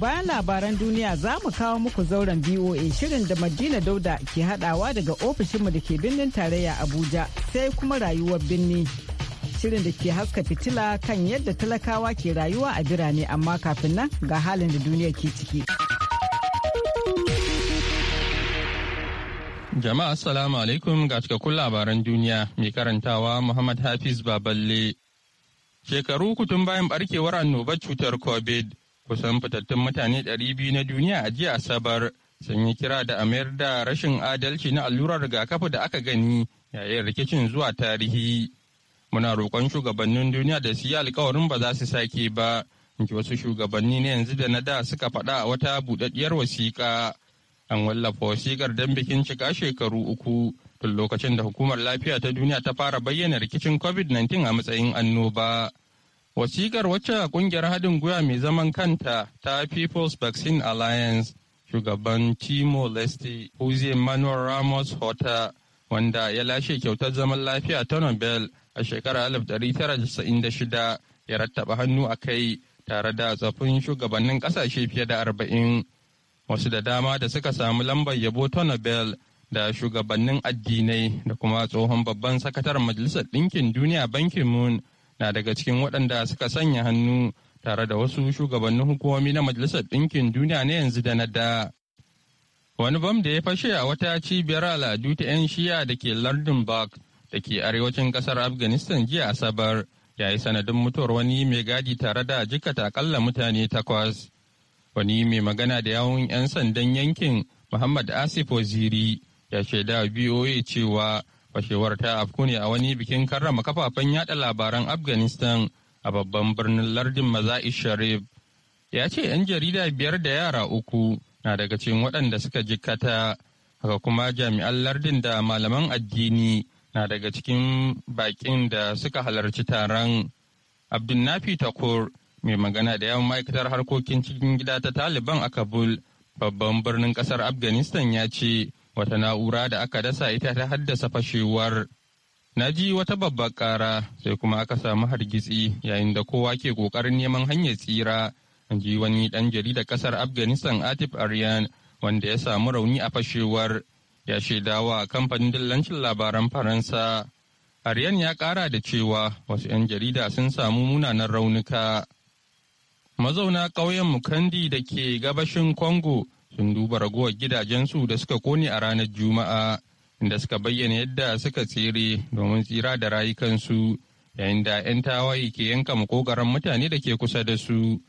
bayan labaran duniya za mu kawo muku zauren BOA shirin da Madina Dauda ke hadawa daga ofishinmu da ke birnin tarayya Abuja sai kuma rayuwar birni. Shirin da ke haska fitila kan yadda talakawa ke rayuwa a birane amma kafin nan ga halin da duniya ke ciki. Jama'a Assalamu alaikum ga cikakkun labaran duniya mai karantawa Muhammad Hafiz Baballe. Shekaru kutun bayan barkewar annobar cutar COVID, kusan fitattun mutane biyu na duniya a jiya asabar sun yi kira da a da rashin adalci na allurar rigakafi da aka gani yayin rikicin zuwa tarihi muna roƙon shugabannin duniya da su yi alkawarin ba za su sake ba inji wasu shugabanni na yanzu da na da suka faɗa a wata buɗaɗɗiyar wasiƙa an wallafa wasiƙar don bikin cika shekaru uku tun lokacin da hukumar lafiya ta duniya ta fara bayyana rikicin covid-19 a matsayin annoba Wasikar wacce kungiyar haɗin gwiwa mai zaman kanta ta People's Vaccine Alliance shugaban timo Leste Jose Manuel Ramos Horta wanda ya lashe kyautar zaman lafiya ta Nobel a shekarar 1996 ya rattaba hannu a kai tare da tsafin shugabannin kasashe fiye da arba'in wasu da dama da suka samu lambar yabo ta Nobel da shugabannin addinai da kuma tsohon babban sakatar majalisar ɗinkin duniya bankin moon na daga cikin waɗanda suka sanya hannu tare da wasu shugabannin hukumomi na Majalisar Ɗinkin Duniya na yanzu da na da. Wani bam da ya fashe a wata cibiyar al'adu ta 'yan shiya da ke Lardinburg da ke arewacin kasar Afghanistan jiya Asabar ya yi sanadin mutuwar wani mai gadi tare da jikata akalla mutane takwas. Wani mai magana da yawun 'yan sandan yankin Muhammad Asif Waziri ya shaida BOA cewa Fashewar ta afku ne a wani bikin karrama kafafen yada labaran Afghanistan a babban birnin lardin Maza'i Sharif. Ya ce 'yan jarida biyar da yara uku na daga cikin waɗanda suka jikkata, haka kuma jami'an lardin da malaman addini na daga cikin baƙin da suka halarci taron. Abdulnafi Takur mai magana da yawan ma'aikatar harkokin cikin gida ta Taliban a Kabul, babban birnin ƙasar Afghanistan ya ce wata na'ura da aka dasa ita ta haddasa fashewar na ji wata babbar ƙara sai kuma aka samu hargitsi yayin da kowa ke ƙoƙarin neman hanyar tsira in ji wani ɗan jarida ƙasar afghanistan atif aryan wanda ya samu rauni a fashewar ya shaidawa kamfanin dillancin labaran faransa aryan ya ƙara da cewa wasu 'yan jarida sun samu munanan raunuka mazauna ƙauyen mukandi da ke gabashin congo sun duba ragowar gidajensu da suka kone a ranar Juma'a inda suka bayyana yadda suka tsere domin tsira da rayukansu yayin da 'yan tawaye ke yanka makogaran mutane da ke kusa da su.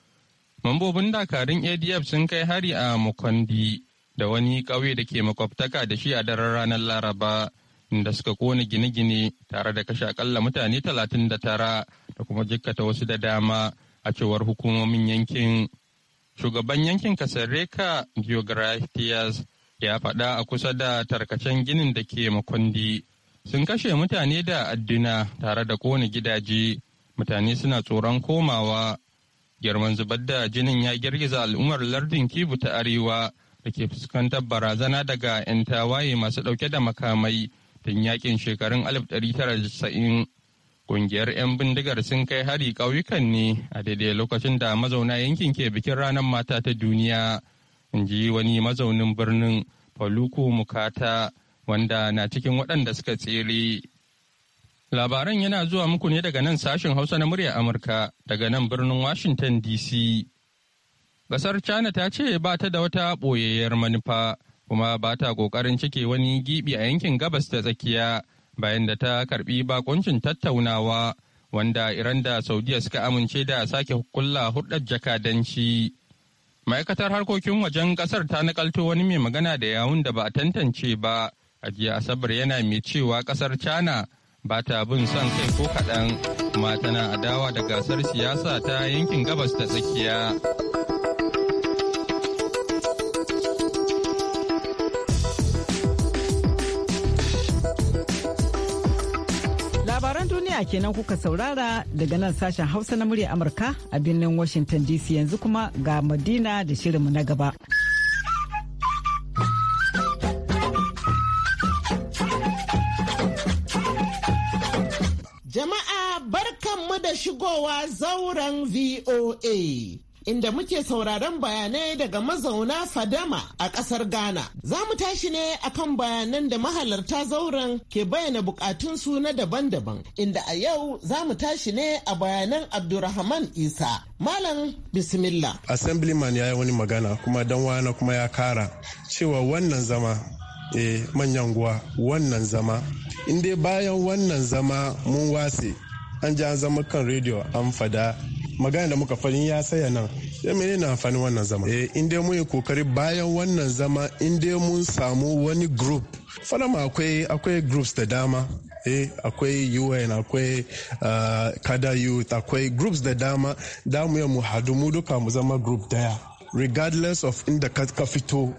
Mambobin dakarun ADF sun kai hari a Mukondi da wani ƙauye da ke makwabtaka da shi a daren ranar Laraba inda suka kone gine-gine tare da kashe akalla mutane talatin da tara da kuma jikkata wasu da dama a cewar hukumomin yankin. shugaban yankin Kasareka Geographias ya faɗa a kusa da tarkacen ginin da ke makundi. Sun kashe mutane da adduna tare da kone gidaje, mutane suna tsoron komawa. Girman zubar da jinin ya girgiza al'ummar lardin Kibu ta Arewa da ke fuskantar barazana daga 'yan tawaye masu ɗauke da makamai tun yakin shekarun 1990. Ƙungiyar 'yan bindigar sun kai hari ƙauyukan ne a daidai lokacin da mazauna yankin ke bikin ranar mata ta duniya. In ji wani mazaunin birnin Faluku Mukata wanda na cikin waɗanda suka tsere. Labaran yana zuwa muku ne daga nan sashen Hausa na muryar Amurka daga nan birnin Washington DC. Ƙasar China ta ce ba ta da wata ɓoyayyar manufa kuma ba ta ƙoƙarin cike wani gibi a yankin gabas ta tsakiya bayan da ta karbi bakuncin tattaunawa wanda Iran da Saudiya suka amince da sake kulla hudar jakadanci. Ma'aikatar harkokin wajen kasar ta nakalto wani mai magana da yawun da ba a tantance ba a jiya Asabar yana mai cewa kasar China ba ta bin son kai ko kaɗan kuma tana adawa da gasar siyasa ta yankin gabas ta tsakiya. kenan kuka saurara daga nan sashen Hausa na murya Amurka a birnin Washington DC yanzu kuma ga Madina da shirinmu na gaba. Jama'a barkanmu da shigowa zauren VOA. inda muke sauraron bayanai daga mazauna Fadama a ƙasar Ghana. Za mu tashi ne akan bayanan da mahalarta zauren ke bayyana bukatunsu na daban-daban, inda a yau za mu tashi ne a bayanan Abdurrahman Isa. Malam Bismillah. Assemblyman ya yi wani magana kuma dan wana kuma ya kara cewa wannan zama e, manyan guwa wannan zama. In dai bayan wannan zama mun wase an ji an zama kan rediyo an fada magana da muka fani ya saya nan ya mene na amfani wannan zama eh in dai mun yi kokari bayan wannan zama in dai mun samu wani group ma akwai akwai groups da dama eh akwai un akwai uh, kada youth akwai groups da dama damu ya mu hadu mu duka mu zama group daya regardless of inda ka fito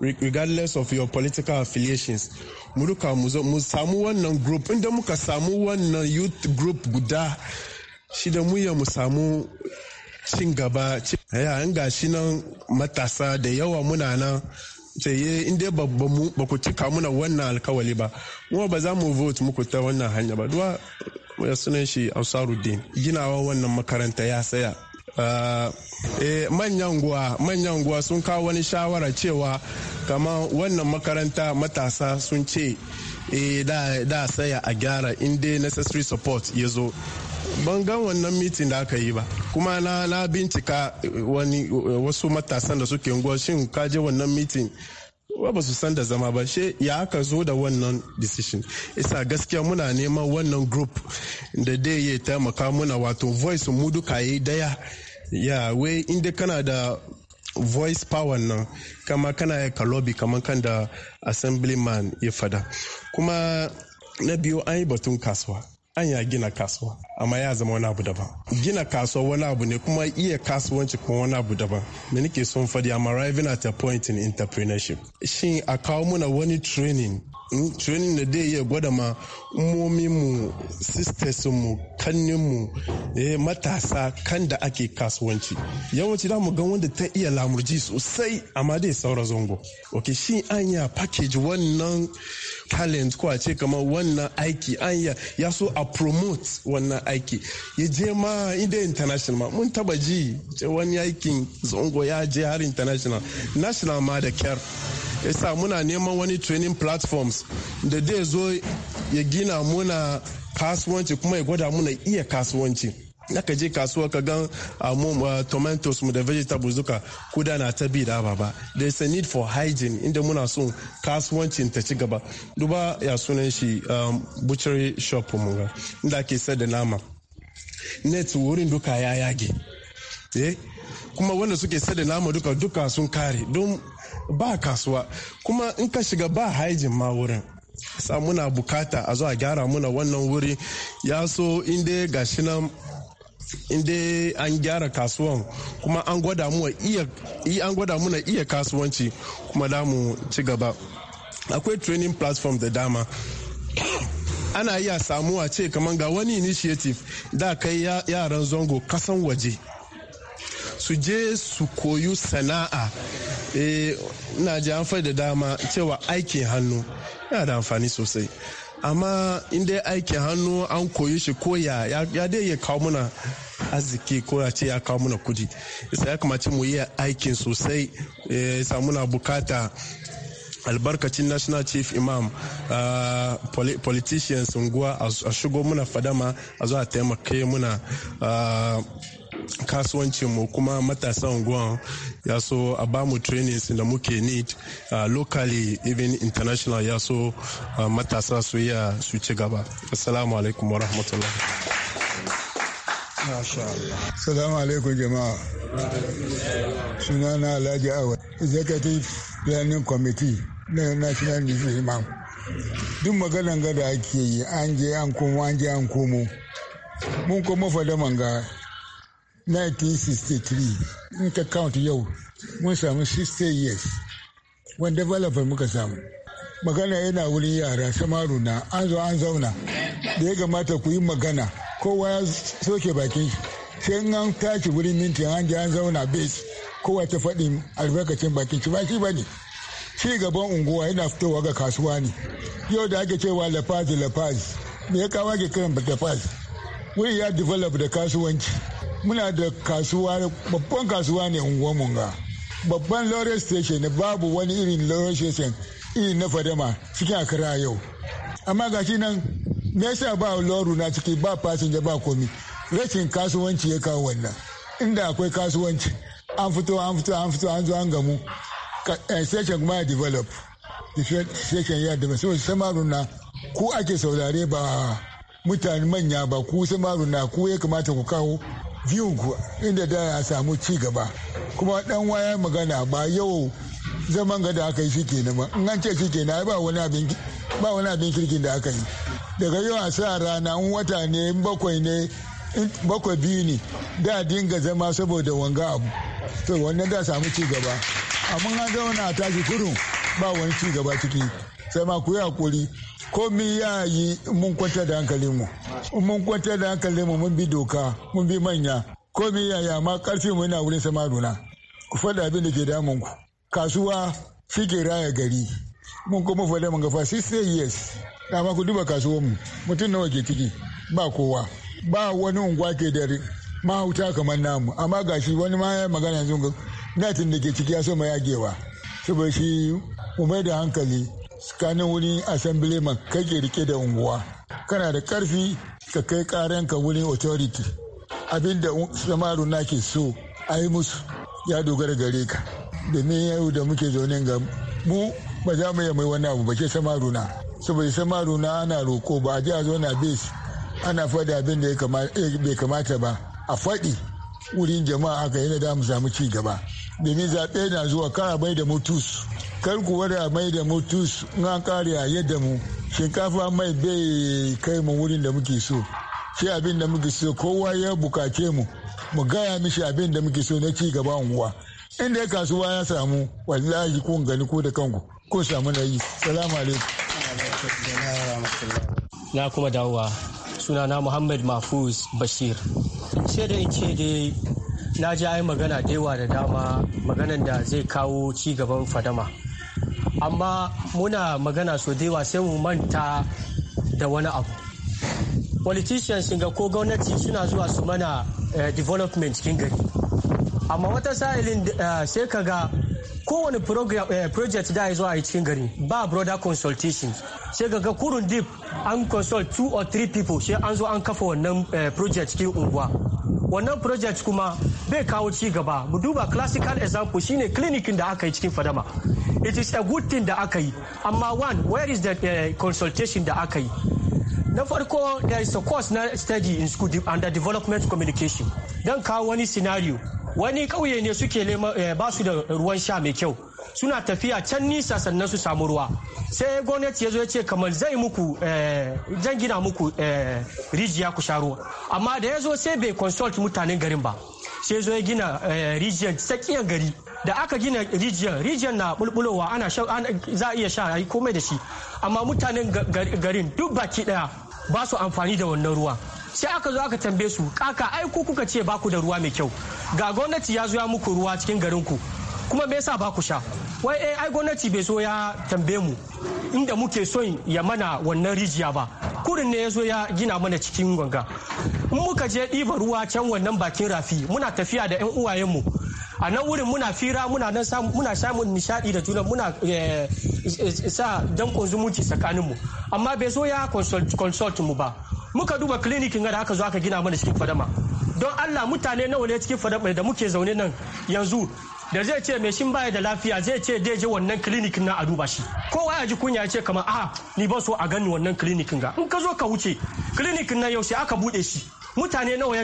regardless of your political affiliations mu duka mu samu wannan group inda muka samu wannan youth group guda shi da mu mu samu cin gaba ga gashi nan matasa da yawa muna nan tsaye eh, in dai ba ku cika muna wannan alkawali ba kuma ba za mu vote muku ta wannan hanya ba duwa ya sunan shi ansaruddin ginawa wannan makaranta ya saya ah, eh, manyan guwa manyan guwa sun kawo wani shawara cewa kama wannan makaranta matasa sun ce eh, da saya a gyara in dai necessary support ya zo ban gan wannan mitin da aka yi ba kuma na na bincika eh, wani eh, wasu matasan da suke unguwa shin ka je wannan mitin ba su san da zama ba she ya aka zo da wannan decision isa gaskiya muna neman wannan group da dai ya taimaka muna wato voice mu duka yi daya ya we inda kana da voice power nan kama kana ya kalobi kamar kan da assemblyman ya fada kuma na biyu an yi batun kasuwa an ya gina kasuwa amma ya zama wani abu daban gina kasuwa wani abu ne kuma iya kasuwanci kuma wani abu daban me nake son fadi I'm arriving at a point in entrepreneurship shin a kawo muna wani training hmm? training da dai iya gwada ma umominmu sistesinmu kanninmu eh, matasa kan da ake kasuwanci yawanci da mu ga wanda ta iya lamurji sosai amma dai saura zango ok shi anya package wannan talent ko a ce kamar wannan aiki anya ya so a promote wannan aiki ya je ma inda international ma mun taba ji wani aikin zongo ya je har international national ma da kyar yasa muna neman wani training platforms da zai zo ya gina muna kasuwanci kuma ya gwada muna iya kasuwanci naka je kasuwa ka gan ah, ah, tomatoes mu da vegetables duka kuda na ta bi da ababa there is a need for hygiene inda muna so kasuwancin ta ci gaba duba ya sunan shi um, butchery shop mu ga inda ke sayar da nama net wurin duka ya yage eh? kuma wanda suke sayar da nama duka duka sun kare don ba kasuwa kuma in ka shiga ba hygiene ma wurin sa muna bukata a zo a gyara muna wannan wuri ya so inda gashi nan inda an gyara kasuwan kuma an gwada mu iya an gwada muna iya kasuwanci kuma da mu ci gaba akwai training platform da dama ana iya samuwa ce kamar ga wani initiative da kai yaran zongo kasan waje su je su koyu sana'a eh, na ji an da dama cewa aikin hannu yana da amfani sosai amma inda ya aikin hannu an koyi shi ko ya ya dai ya kawo muna arziki ko ya ce ya kawo muna kudi isa ya kamace mu yi aikin sosai isa eh, muna bukata albarkacin national chief imam uh, politicians unguwa a shigo muna fadama a zuwa taimaka muna uh, kasuwancin mu kuma matasan unguwan ya so a ba mu trainings da muke need uh, locally even international ya so uh, matasa su ya su ci gaba assalamu alaikum wa rahmatullahi Salamu alaikum jama'a. Sunana Alhaji Awa, Executive Planning Committee na National Disease Imam. Duk maganan gada ake yi an je an komo an je an komo. Mun kuma fada manga 1963 in ka count yau mun samu 60 years wani developer muka samu magana yana wurin yara samaru na an zo an zauna da ya gamata ku yi magana kowa ya soke bakin shi sai in an tashi wurin minti an ji an zauna base kowa ta faɗin albarkacin bakin shi ba shi ba ne ci gaban unguwa yana fitowa ga kasuwa ne yau da ake cewa lafazi lafazi me ya kawo ke kiran lafazi wuri ya develop da kasuwanci muna da kasuwa babban kasuwa ne unguwa ga babban lorry station babu wani irin lorry station irin na fadama cikin akara yau amma ga shi nan me yasa ba lorry na ciki ba fasinja ba komi rashin kasuwanci ya kawo wannan inda akwai kasuwanci an fito an fito an fito an zo an gamu eh, station kuma ya develop station ya develop so samaru na ku ake saurare ba mutane manya ba ku samaru na ku ya kamata ku kawo ku inda da ya samu ci gaba kuma dan waya magana ba yau zaman ga da aka yi shike kenan ba in an ce shike ba wani abin ba wani abin kirkin da aka yi daga yau a sa rana un wata ne in bakwai ne bakwai biyu ne da dinga zama saboda wanga abu to wannan da samu ci gaba amma an zauna tashi kurun ba wani ci gaba ciki sai ma ku yi hakuri komi ya yi mun kwanta da hankali mu mun kwanta da hankali mu mun bi doka mun bi manya komi ya yi amma karfi mu yana wurin sama duna ku faɗa abin da ke damun ku kasuwa shi ke raya gari mun kuma faɗa mun gafa yes years ma ku duba mu mutum nawa ke ciki ba kowa ba wani unguwa ke da mahauta kamar namu amma gashi wani ma ya magana yanzu natin da ke ciki ya so ma yagewa saboda shi mu mai da hankali tsakanin wurin assembly man ke rike da unguwa kana da karfi ka kai ka wurin authority abinda samaru na ke so a yi musu ya dogara gare ka domin yau da muke zaune ga mu ba za mu mai wani abu ba ke samaru na saboda samaru na ana roko ba a ji a na base ana faɗi abin da eh, bai kamata ba a faɗi wurin jama'a aka yi da mu samu ci gaba domin zaɓe na zuwa kara bai da mutus kar ku wada mai da mu na kare a yadda mu shinkafa mai bai kai mu wurin da muke so shi abin da muke so kowa ya bukace mu mu gaya mishi abin da muke so na ci gaba unguwa inda ya kasuwa ya samu wallahi kun gani ko da kanku ko samu na yi salamu alaikum na kuma dawowa sunana muhammad mafuz bashir sai da in ce dai na ji ai magana da yawa da dama maganan da zai kawo ci gaban fadama amma muna magana so dewa sai mu manta da wani abu politicians ga ko gwamnati suna zuwa su mana eh, development cikin gari amma wata sa'ilin eh, sai ka ga kowane eh, project da ya zuwa a cikin gari ba broader consultation sai ga kurun deep an consult two or three people sai an zo an kafa wannan project cikin unguwa wannan project kuma bai kawo ci gaba mu duba classical example shine clinic da aka yi cikin fadama it is a good thing da aka yi amma one where is the uh, consultation da aka yi na farko there is a course na study in school under development communication don kawo wani scenario wani ƙauye ne suke eh, ba su da ruwan sha mai kyau suna tafiya can nisa sannan su samu ruwa sai gwamnati ya zo ya ce kamar zai muku eh, zan gina muku eh, rijiya ku sha ruwa amma da ya zo sai bai consult mutanen garin ba sai zo ya gina eh, rijiyar tsakiyar gari da aka gina rijiyar rijiyar na bulbulowa ana za a iya sha a yi komai da shi amma mutanen garin duk baki daya ba su amfani da wannan ruwa sai aka zo aka tambaye su kaka ai ku kuka ce ba ku da ruwa mai kyau ga gwamnati ya zo ya muku ruwa cikin garin ku kuma me yasa ba ku sha wai eh ai gwamnati bai so ya tambaye mu inda muke so ya mana wannan rijiya ba kurin ne ya zo ya gina mana cikin ganga in muka je ɗiba ruwa can wannan bakin rafi muna tafiya da 'yan uwayenmu a nan wurin muna fira muna nan muna samun nishadi da juna muna eh, sa dankon zumunci tsakaninmu amma bai so ya consult mu ba muka duba clinic da aka zo aka gina mana cikin fadama don allah mutane nawa ne cikin fadama da muke zaune nan yanzu da zai ce mai shin baya da lafiya zai ce dai je wannan clinic na a duba shi kowa ya ji kunya ce kamar a ni ba so a gani wannan clinic ga in ka zo ka wuce clinic na yaushe aka bude shi mutane nawa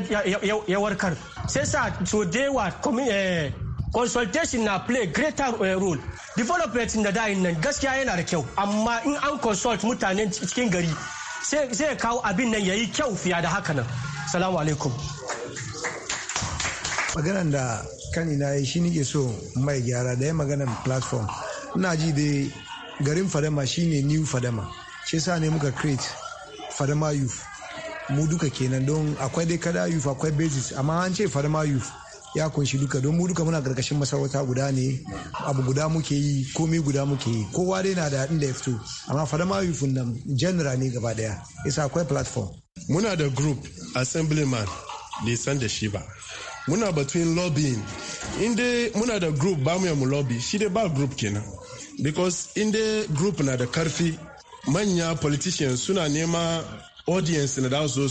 ya warkar sai sa so dewa eh, consultation na play greater eh, role development da dayin nan gaskiya yana da kyau amma in an consult mutanen cikin gari sai kawo abin nan yayi kyau fiya da haka nan salamu alaikum maganar da kani na shi nike so mai gyara da ya magana platform ina ji dai garin fadama shine new fadama shi sa ne muka create fadama youth mu duka kenan don akwai dai kada youth akwai basis amma an ce fadama youth ya kunshi duka don mu duka muna karkashin masarauta guda ne abu guda muke yi komai guda muke yi kowa dai na da inda ya fito amma fadama youth nan general ne gaba daya isa akwai platform muna da group assemblyman nisan da shi ba muna batun lobbying inda muna da group ba mu mu lobby shi dai ba group kenan because inda group na da karfi manya politicians suna nema audience na da su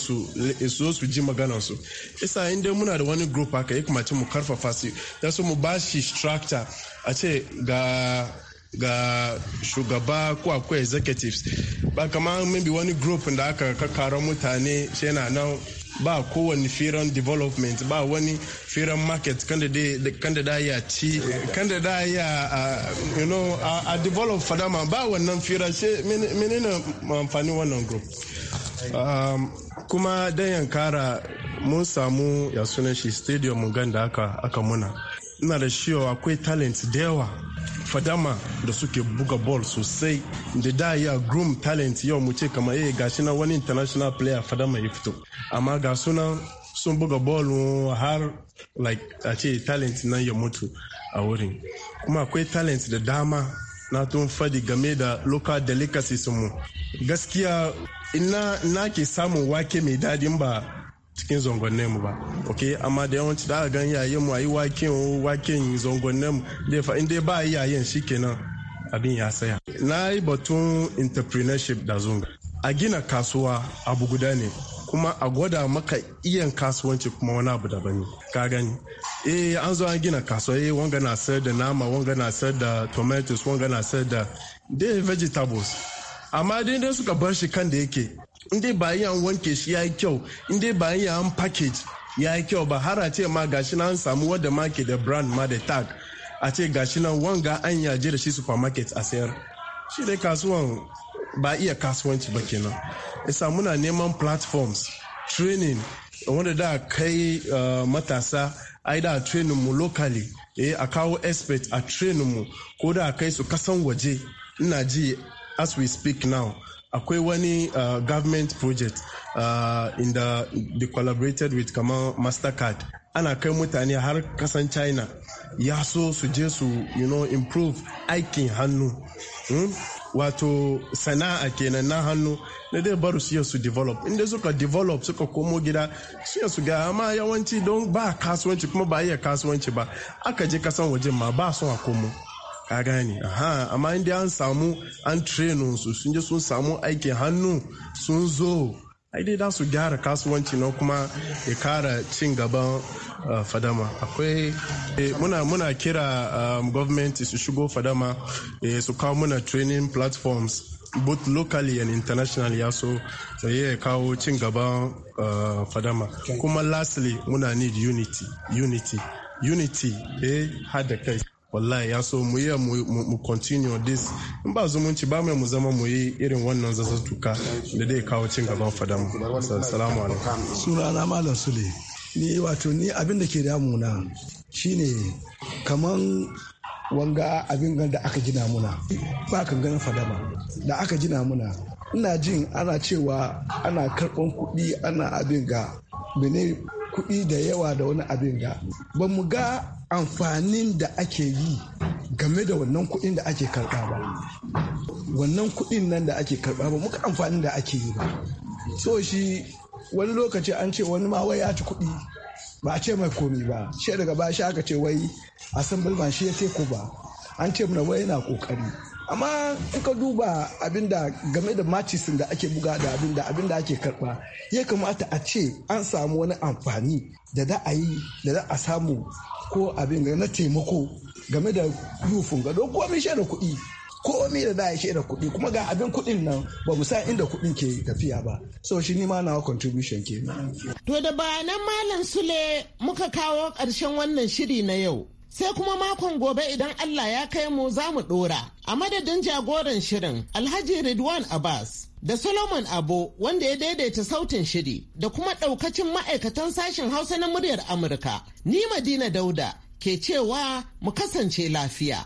zo su ji maganar su isa inda muna da wani group haka ya kuma mu karfafa su da su mu ba shi structure a ce ga ga shugaba ko akwai executives ba kamar maybe wani group da aka kakkara mutane shi yana nan ba kowane firan development ba wani firan market kanda da ya ci kanda da ya uh, you know a develop fadama ba wannan firan shi menene amfani wannan group um, kuma dan yankara mun samu ya sunan shi stadium gan da aka muna ina da shiwa akwai talent da yawa fadama da suke buga ball sosai da da ya groom talent yau mu ce kamar eh gashi na wani international player fadama ya fito amma ga sunan sun buga ball har like a ce talent nan ya mutu a wurin kuma akwai talent da dama na tun fadi game da local delicacies mu gaskiya ina na ke samun wake mai dadin ba cikin zangonnen mu ba ok amma da yawanci da aka gan yayin mu ayi waken waken zangonnen mu dai fa inda ba yayin shikenan abin ya saya na yi batun entrepreneurship da zunga a gina kasuwa abu guda ne kuma a gwada maka iyan kasuwanci kuma wani abu daban ne ka gani eh an zo an gina kasuwa eh wanga na sayar da nama wanga na sayar da tomatoes wanga na sayar da dai vegetables amma dai suka bar shi kan da yake ndị bayan an wanke shi ya yi kyau inda bayan an ya yi kyau ba har a ce ma gashi na samu wadda ma ke da brand ma da tag a ce gashi nan wanga an yaje da shi supermarket a sayar shi dai kasuwan ba iya kasuwanci ba kenan isa muna neman platforms training e wanda da kai uh, matasa ai da training mu locally eh a kawo expert a training mu ko da kai su kasan waje ina ji as we speak now akwai wani uh, government project uh, the they collaborated with kamar mastercard ana kai mutane har kasan china ya so su je su you know, improve aikin hannu hmm? wato sana'a kenan na hannu na dai baru su su develop inda suka develop suka komo gida su su ga amma yawanci don ba kasuwanci kuma ba iya kasuwanci ba aka je kasan wajen ma ba son a komo ka gane aha amma inda an samu an train su sun je sun samu aikin hannu sun zo ai dai su gyara kasuwanci na kuma ya kara cin gaban fadama akwai eh, muna kira um, government su shigo fadama eh, su kawo muna training platforms both locally and internationally ya so ya kawo cin gaban fadama kuma lastly muna need unity unity unity eh hada kai wallahi ya so mu yi mu continue this in ba zumunci ba mai mu zama mu yi irin wannan zazzatuka da dai kawo cin gaban fadan salamu alaikum sunana malam sule ni wato ni abin da ke damu damuna shine kaman wanga abin da aka gina muna ba kan ganin fadama da aka gina muna ina jin ana cewa ana karɓan kuɗi ana abin ga kuɗi da yawa da wani abin ga ba mu ga amfanin da ake yi game da wannan kuɗin da ake karɓa ba wannan kuɗin nan da ake karɓa ba muka amfanin da ake yi ba so shi wani lokaci an ce wani ma ya ci kuɗi ba a ce mai komi ba shi daga ba shi aka ce wai a san shi ya teku ba an ce mana wai yana kokari amma in ka duba abinda game da macisin da ake buga da abinda abinda ake karba ya kamata a ce an samu wani amfani da za a yi da za a samu ko abin na taimako game da rufin gado ko mai da kuɗi ko da da ya da kuɗi kuma ga abin kuɗin nan ba mu san inda kuɗin ke tafiya ba so shi ni ma nawa contribution ke to da bayanan malam sule muka kawo ƙarshen wannan shiri na yau sai kuma makon gobe idan Allah ya kai mu za mu ɗora a madadin jagoran shirin Alhaji Ridwan Abbas da Solomon Abo wanda ya daidaita sautin shiri da kuma ɗaukacin ma'aikatan sashen Hausa na muryar Amurka. Ni Madina Dauda ke cewa mu kasance lafiya.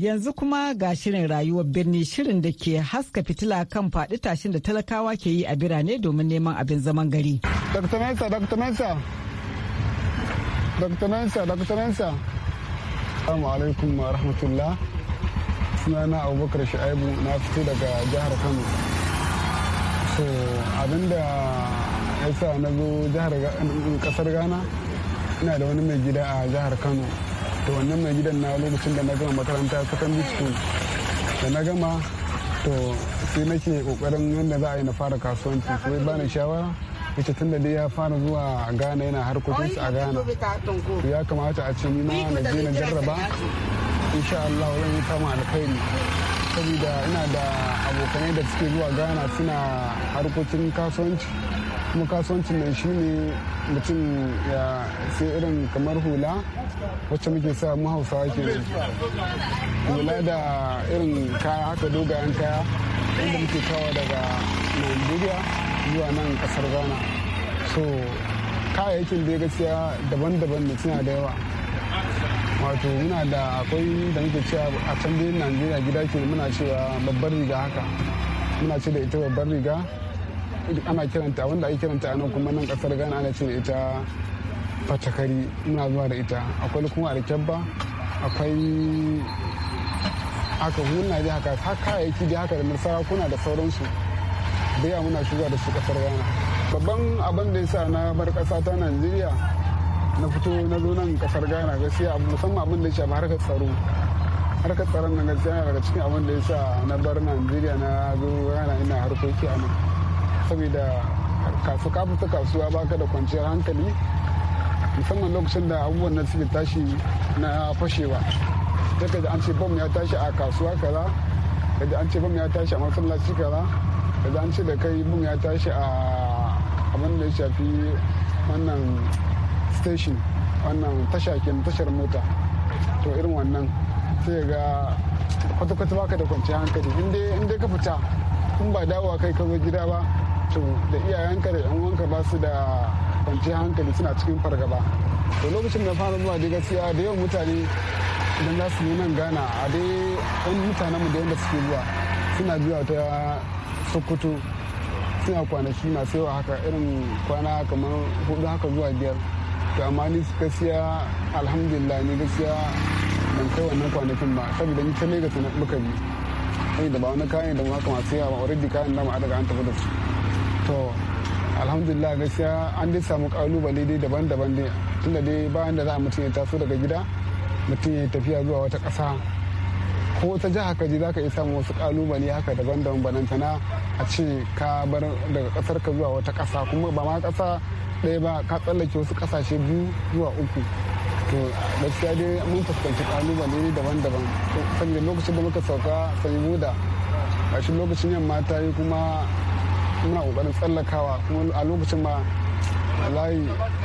Yanzu kuma ga shirin rayuwar birni shirin da ke haska fitila kan faɗi tashin da talakawa ke yi a birane domin neman abin zaman gari. Dr. Mensa, Dr. Mensa. Dr. Mensa, Dr. Mensa. Assalamu wa rahmatullah. Sunana Abubakar Shu'aibu na fito daga jihar Kano. So abinda ya sa na zo jihar kasar Ghana ina da wani mai gida a jihar Kano. to wannan mai gidan na lokacin da na gama makaranta secondary school da na gama to sai nake kokarin yadda za a yi na fara kasuwanci sai bani shawara ita tun da dai ya fara zuwa a ghana yana harkokinsu a ghana ya kamata a ce ni ma na je na jarraba insha Allah zan yi kama alkhairi saboda ina da abokanai da suke zuwa ghana suna harkokin kasuwanci kuma kasuwancin nan ne mutum ya sai irin kamar hula wacce muke sa mu hausawa ke hula da irin kaya haka dogayen kaya inda muke kawo daga nigeria zuwa nan kasar ghana so kayayyakin da gaskiya daban-daban ne suna da yawa wato muna da akwai da muke cewa a can biyun nigeria gida ke muna cewa babbar riga haka muna ce da ita babbar riga ana kiranta wanda ake kiranta a nan kuma nan kasar ghana ana cin ita fatakari muna zuwa da ita akwai kuma alkyabba akwai haka hunna dai haka har kayayyaki dai haka da nasara kuna da sauransu dai muna shiga da su kasar ghana babban abin da yasa na bar kasa ta najeriya na fito na zo nan kasar ghana gaskiya musamman abin da ya shafi harkar tsaro harkar tsaron nan gaskiya daga cikin abin da yasa na bar najeriya na zo ghana ina harkoki a nan saboda kasu ka fita kasuwa baka da kwanciyar hankali musamman lokacin da abubuwan nan suke tashi na fashewa daga da an ce bom ya tashi a kasuwa kaza daga an ce bom ya tashi a masallaci kaza daga an ce da kai bom ya tashi a abin da ya shafi wannan station wannan tashakin tashar mota to irin wannan sai ga kwata-kwata baka da kwanciyar hankali in dai ka fita in ba dawowa kai ka zo gida ba to da iyayenka da 'yan uwanka ba su da kwanciyar hankali suna cikin fargaba to lokacin da fara zuwa daga siya da yawan mutane idan za su nan gana a dai yan mutanenmu da yadda suke zuwa suna zuwa ta sokoto suna kwanaki masu yawa haka irin kwana kamar hudu haka zuwa biyar to amma ni siya alhamdulillah ni gaskiya ban kai wannan kwanakin ba saboda ni ta lagos muka bi saboda ba wani kayan da mu haka masu yawa already kayan da mu daga an tafi da su to alhamdulillah gaskiya an dai samu kalubale dai daban-daban ne tunda dai bayan da za a mutum ya taso daga gida mutum ya tafiya zuwa wata ƙasa ko ta jiha ka je za ka iya samun wasu kalubale haka daban-daban banantana a ce ka bar daga ƙasar ka zuwa wata ƙasa kuma ba ma ƙasa ɗaya ba ka tsallake wasu ƙasashe biyu zuwa uku to gaskiya dai mun fuskanci kalubale daban-daban saboda lokacin da muka sauka sai buda gashi lokacin yamma ta yi kuma muna kokarin tsallakawa kuma a lokacin ma layi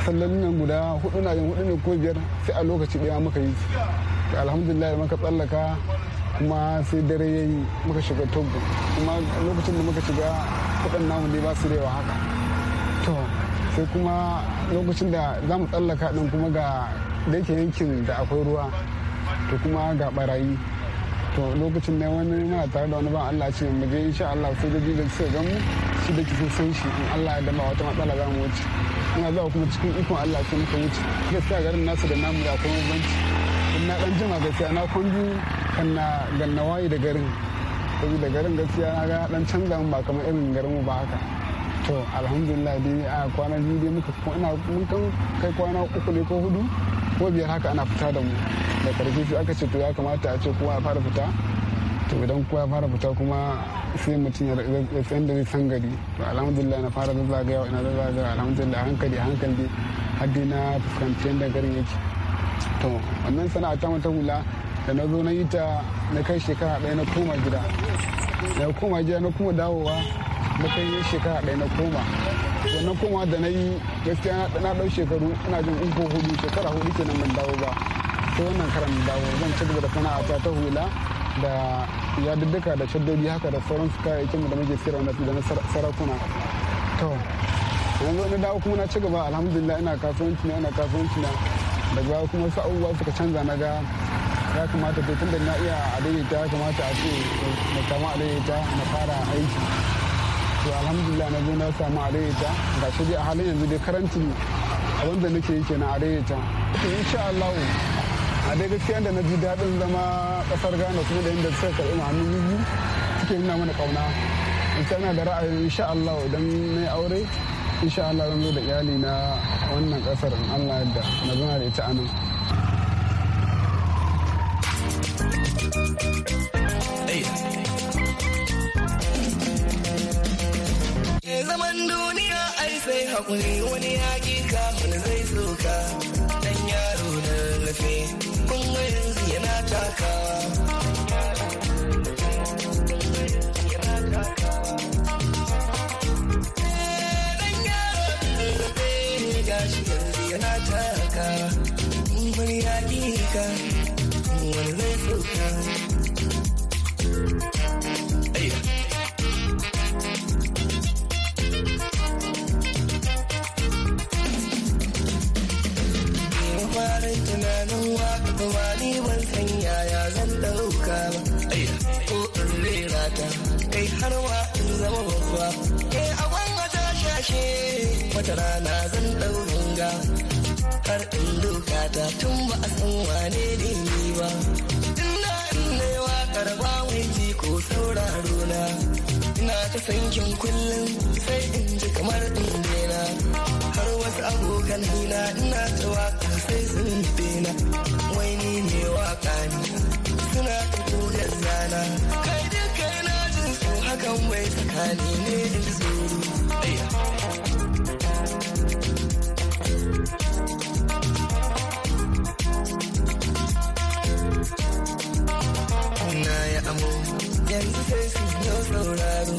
sallan nan guda hudu na yin hudu ne ko biyar sai a lokaci daya muka yi alhamdulillah muka tsallaka kuma sai dare ya yi muka shiga togo kuma lokacin da muka shiga kudin namu ne ba su da yawa haka to sai kuma lokacin da za mu tsallaka din kuma ga da yake yankin da akwai ruwa to kuma ga barayi to lokacin da wani muna tare da wani ban Allah ce mu je insha Allah sojoji da suka gan mu shi da kisan san shi in Allah ya dama wata matsala za mu wuce ina zuwa kuma cikin ikon Allah sai muka wuce gaskiya garin nasu da namu da banci in na dan jima gaskiya na kwanju kan na ganna waye da garin da garin gaskiya na ga dan canza mu ba kamar irin garin mu ba haka to alhamdulillah dai a kwana biyu dai muka ina mun kan kai kwana uku ne ko hudu ko biyar haka ana fita da mu da karfi su aka ce to ya kamata a ce kowa ya fara fita to idan kowa ya fara fita kuma sai mutum ya tsayan da zai san gari to alhamdulillah na fara zazzagawa ina zazzagawa alhamdulillah hankali hankali har na fuskanci yadda garin yake to wannan sana'a ta mata hula da na zo na yi ta na kai shekara ɗaya na koma gida na koma gida na kuma dawowa na kai shekara ɗaya na koma wannan kuma da na yi gaskiya na ɗau shekaru ina jin in ko hudu shekara hudu kenan ban dawo ba sai wannan karan dawo zan ci gaba da sana'ata ta hula da yadudduka da shaddodi haka da sauran su kayayyakin da muke siyarwa na sarakuna to yanzu na dawo kuma na ci gaba alhamdulillah ina kasuwanci na ina kasuwanci na daga kuma su abubuwa suka canza na ga ya kamata to tun da na iya a daidaita ya kamata a ce na kama a daidaita na fara aiki to alhamdulillah na zo na samu arayeta ga shi dai a halin yanzu dai karanti abinda da nake yi kenan arayeta to insha Allah a dai gaskiya da na ji daɗin zama ƙasar Ghana kuma da yadda suka karɓi mu hannu biyu suke nuna mana kauna ita na da ra'ayi insha Allah idan na yi aure insha Allah zan zo da iyali na wannan ƙasar in Allah yadda na zama da ita a nan. Hey. zaman duniya ai sai haƙuri wani yaƙi kafin zai tsoka ɗan yaro na lafi kuma yanzu yana takawa hankali ne yanzu sai su yi sauraro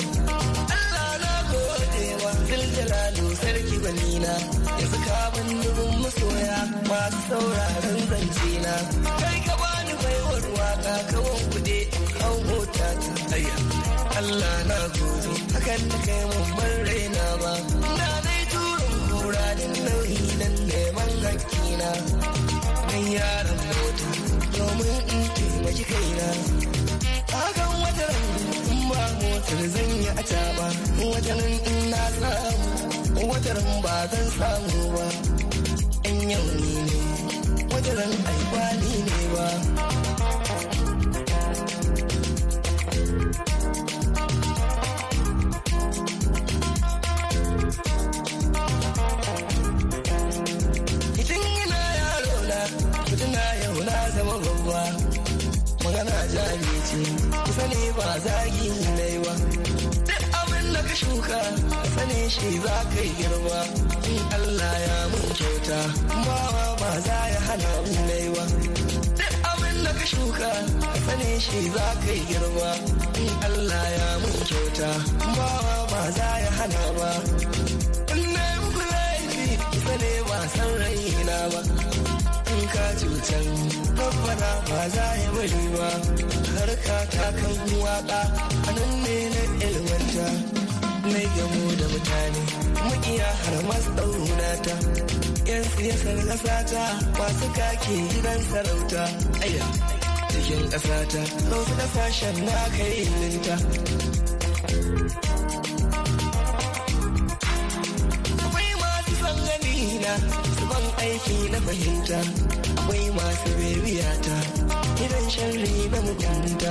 Allah na gode wa zilzala sarki banina ya zuka bin dubin masoya masu sauraro dan kai mu ban raina ba na dai turin kura da nauyi dan neman hakkina dan yaran mota domin in taimaki kaina kan wata in ba motar zan yi a caba watanin in na samu watanin ba zan samu ba in yau ne watanin ai ne ba shi za ka yi girma in Allah ya mun kyauta bawa ba za ya hana mun ba. duk abin da ka shuka sani shi za ka yi girma in Allah ya mun kyauta bawa ba za ya hana ba in na yi muku laifi ne ba san raina ba in ka cutar babbana ba za ya bari ba harka ta kan waka a nan ne na ilmanta siyasar nasata masu kake gidan sarauta aya cikin ƙasata wasu ƙasashen na kai ninta akwai masu son gani na su ban aiki na fahimta akwai masu bebiyata gidan sharri na mutunta